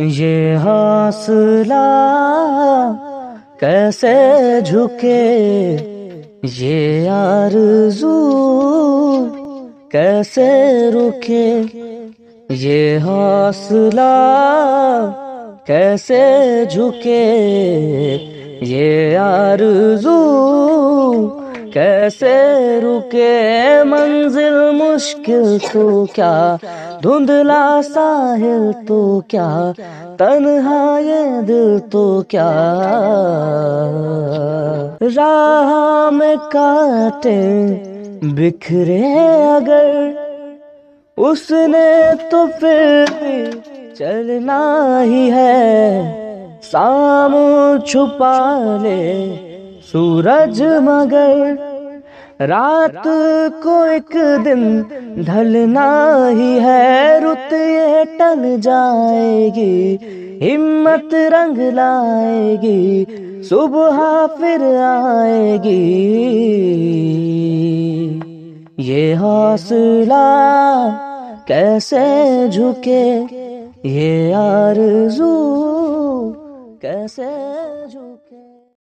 ये हौसला कैसे झुके ये आरज़ू कैसे रुके ये हौसला कैसे झुके ये आरज़ू कैसे रुके मंजिल मुश्किल तो क्या धुंधला साहिल तो क्या तनहा ये दिल तो क्या राह में काटे बिखरे अगर उसने तो फिर भी चलना ही है सामू छुपा ले सूरज मगर रात को एक दिन ढलना ही है रुत ये टल जाएगी हिम्मत रंग लाएगी सुबह फिर आएगी ये हौसला कैसे झुके ये आरज़ू कैसे झुके